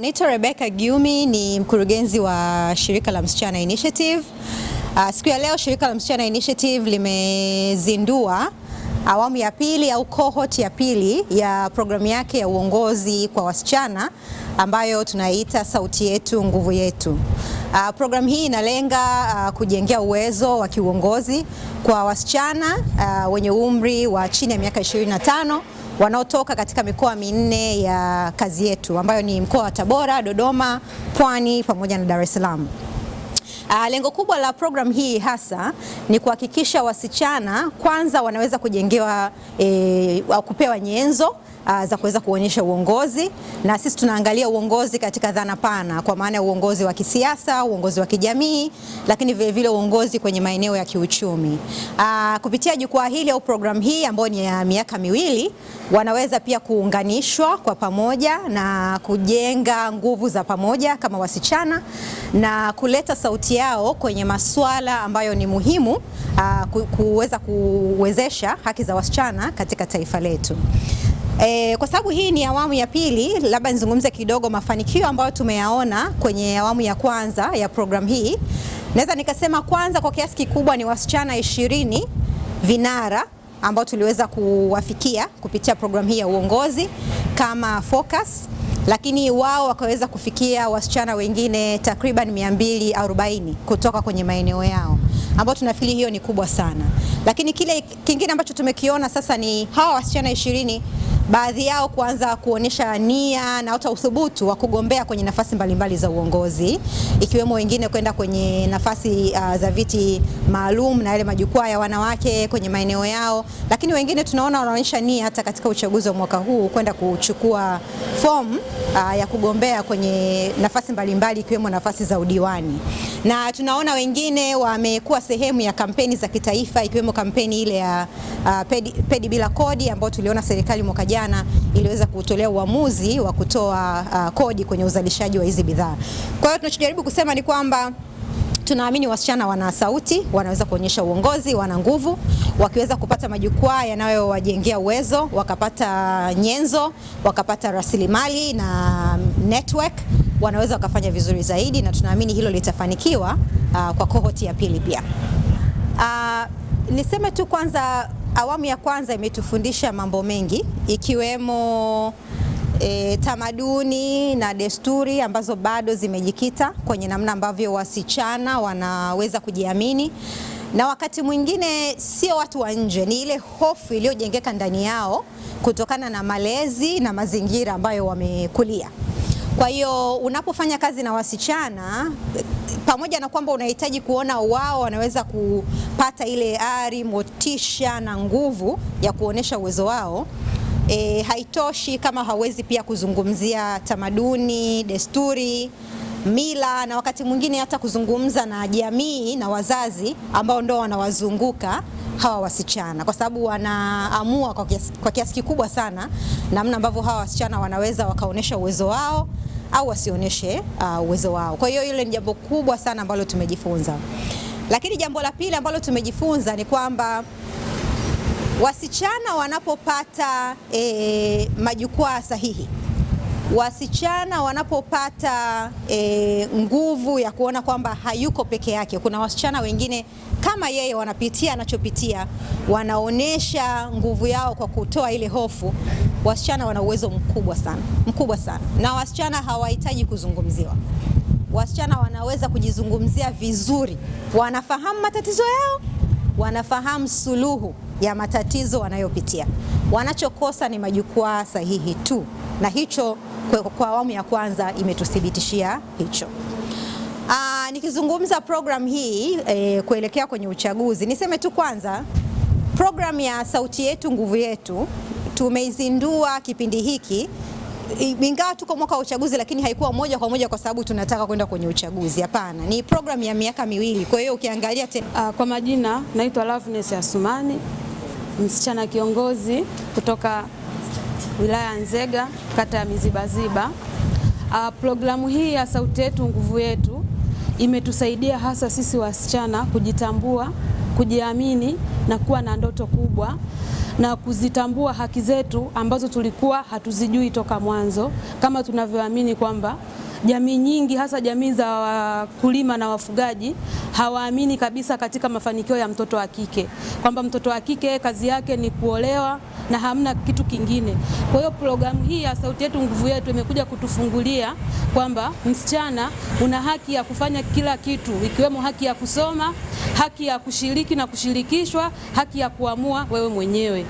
Naitwa Rebecca Giumi ni mkurugenzi wa shirika la Msichana Initiative. Uh, siku ya leo shirika la Msichana Initiative limezindua awamu ya pili au cohort ya pili ya programu yake ya uongozi kwa wasichana ambayo tunaita Sauti Yetu Nguvu Yetu. Uh, ah, programu hii inalenga uh, kujengea uwezo wa kiuongozi kwa wasichana uh, wenye umri wa chini ya miaka 25 wanaotoka katika mikoa minne ya kazi yetu ambayo ni mkoa wa Tabora, Dodoma, Pwani pamoja na Dar es Salaam. Uh, lengo kubwa la program hii hasa ni kuhakikisha wasichana kwanza wanaweza kujengewa e, kupewa nyenzo Uh, za kuweza kuonyesha uongozi na sisi tunaangalia uongozi katika dhana pana, kwa maana ya uongozi wa kisiasa, uongozi wa kijamii, lakini vilevile vile uongozi kwenye maeneo ya kiuchumi. Uh, kupitia jukwaa hili au programu hii ambayo ni ya miaka miwili, wanaweza pia kuunganishwa kwa pamoja na kujenga nguvu za pamoja kama wasichana na kuleta sauti yao kwenye masuala ambayo ni muhimu ah, kuweza kuwezesha haki za wasichana katika taifa letu. E, kwa sababu hii ni awamu ya pili, labda nizungumze kidogo mafanikio ambayo tumeyaona kwenye awamu ya kwanza ya programu hii. Naweza nikasema kwanza, kwa kiasi kikubwa ni wasichana ishirini vinara ambao tuliweza kuwafikia kupitia programu hii ya uongozi kama focus lakini wao wakaweza kufikia wasichana wengine takriban 240 kutoka kwenye maeneo yao ambao tunafikiri hiyo ni kubwa sana. Lakini kile kingine ambacho tumekiona sasa ni hawa wasichana ishirini baadhi yao kuanza kuonyesha nia na hata uthubutu wa kugombea kwenye nafasi mbalimbali za uongozi ikiwemo wengine kwenda kwenye nafasi uh, za viti maalum na yale majukwaa ya wanawake kwenye maeneo yao, lakini wengine tunaona wanaonyesha nia hata katika uchaguzi wa mwaka huu kwenda kuchukua fomu uh, ya kugombea kwenye nafasi mbalimbali ikiwemo nafasi za udiwani na tunaona wengine wamekuwa sehemu ya kampeni za kitaifa ikiwemo kampeni ile ya uh, pedi, pedi bila kodi ambayo tuliona serikali mwaka jana iliweza kutolea uamuzi wa kutoa uh, kodi kwenye uzalishaji wa hizi bidhaa. Kwa hiyo tunachojaribu kusema ni kwamba tunaamini wasichana wana sauti, wanaweza kuonyesha uongozi, wana nguvu. Wakiweza kupata majukwaa yanayowajengea uwezo, wakapata nyenzo, wakapata rasilimali na network wanaweza wakafanya vizuri zaidi, na tunaamini hilo litafanikiwa uh, kwa kohoti ya pili pia. Uh, niseme tu kwanza, awamu ya kwanza imetufundisha mambo mengi ikiwemo E, tamaduni na desturi ambazo bado zimejikita kwenye namna ambavyo wasichana wanaweza kujiamini, na wakati mwingine sio watu wa nje, ni ile hofu iliyojengeka ndani yao kutokana na malezi na mazingira ambayo wamekulia. Kwa hiyo unapofanya kazi na wasichana pamoja na kwamba unahitaji kuona wao wanaweza kupata ile ari, motisha na nguvu ya kuonesha uwezo wao. E, haitoshi kama hawezi pia kuzungumzia tamaduni, desturi, mila na wakati mwingine hata kuzungumza na jamii na wazazi ambao ndo wanawazunguka hawa wasichana, kwa sababu wanaamua kwa kiasi, kwa kiasi kikubwa sana namna ambavyo hawa wasichana wanaweza wakaonyesha uwezo wao au wasionyeshe uh, uwezo wao. Kwa hiyo ile ni jambo kubwa sana ambalo tumejifunza, lakini jambo la pili ambalo tumejifunza ni kwamba wasichana wanapopata e, majukwaa sahihi, wasichana wanapopata e, nguvu ya kuona kwamba hayuko peke yake, kuna wasichana wengine kama yeye wanapitia anachopitia, wanaonyesha nguvu yao kwa kutoa ile hofu. Wasichana wana uwezo mkubwa sana, mkubwa sana, na wasichana hawahitaji kuzungumziwa. Wasichana wanaweza kujizungumzia vizuri, wanafahamu matatizo yao, wanafahamu suluhu ya matatizo wanayopitia. Wanachokosa ni majukwaa sahihi tu, na hicho kwa awamu ya kwanza imetuthibitishia hicho. Ah, nikizungumza program hii e, kuelekea kwenye uchaguzi, niseme tu kwanza program ya sauti yetu nguvu yetu tumeizindua kipindi hiki ingawa tuko mwaka wa uchaguzi, lakini haikuwa moja kwa moja kwa sababu tunataka kwenda kwenye uchaguzi. Hapana, ni program ya miaka miwili. Kwa hiyo ukiangalia te... uh, kwa majina naitwa Loveness Asumani, msichana kiongozi kutoka wilaya Nzega, kata ya Mizibaziba. Uh, ah, programu hii ya sauti yetu nguvu yetu imetusaidia hasa sisi wasichana kujitambua, kujiamini na kuwa na ndoto kubwa na kuzitambua haki zetu ambazo tulikuwa hatuzijui toka mwanzo, kama tunavyoamini kwamba jamii nyingi hasa jamii za wakulima na wafugaji hawaamini kabisa katika mafanikio ya mtoto wa kike, kwamba mtoto wa kike kazi yake ni kuolewa na hamna kitu kingine. Kwa hiyo programu hii ya Sauti Yetu Nguvu Yetu imekuja kutufungulia kwamba msichana una haki ya kufanya kila kitu, ikiwemo haki ya kusoma, haki ya kushiriki na kushirikishwa, haki ya kuamua wewe mwenyewe.